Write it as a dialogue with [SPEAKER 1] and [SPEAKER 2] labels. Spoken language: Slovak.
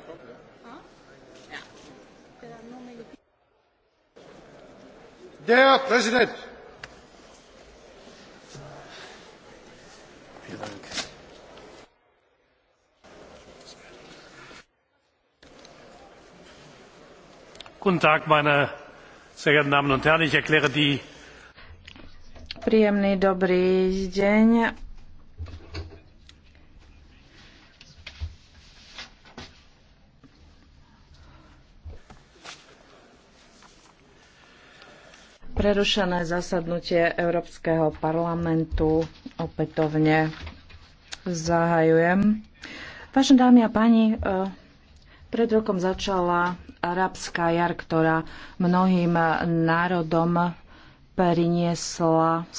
[SPEAKER 1] Frank Rock, ja.
[SPEAKER 2] Ja. There
[SPEAKER 1] Der Präsident! Vielen Dank.
[SPEAKER 3] Guten Tag, meine sehr geehrten Damen und Herren. Ich erkläre die.
[SPEAKER 2] Príjemný dobrý deň.
[SPEAKER 4] Prerušené zasadnutie Európskeho parlamentu opätovne zahajujem. Vážené dámy a páni, e, pred rokom začala arabská jar, ktorá mnohým národom priniesla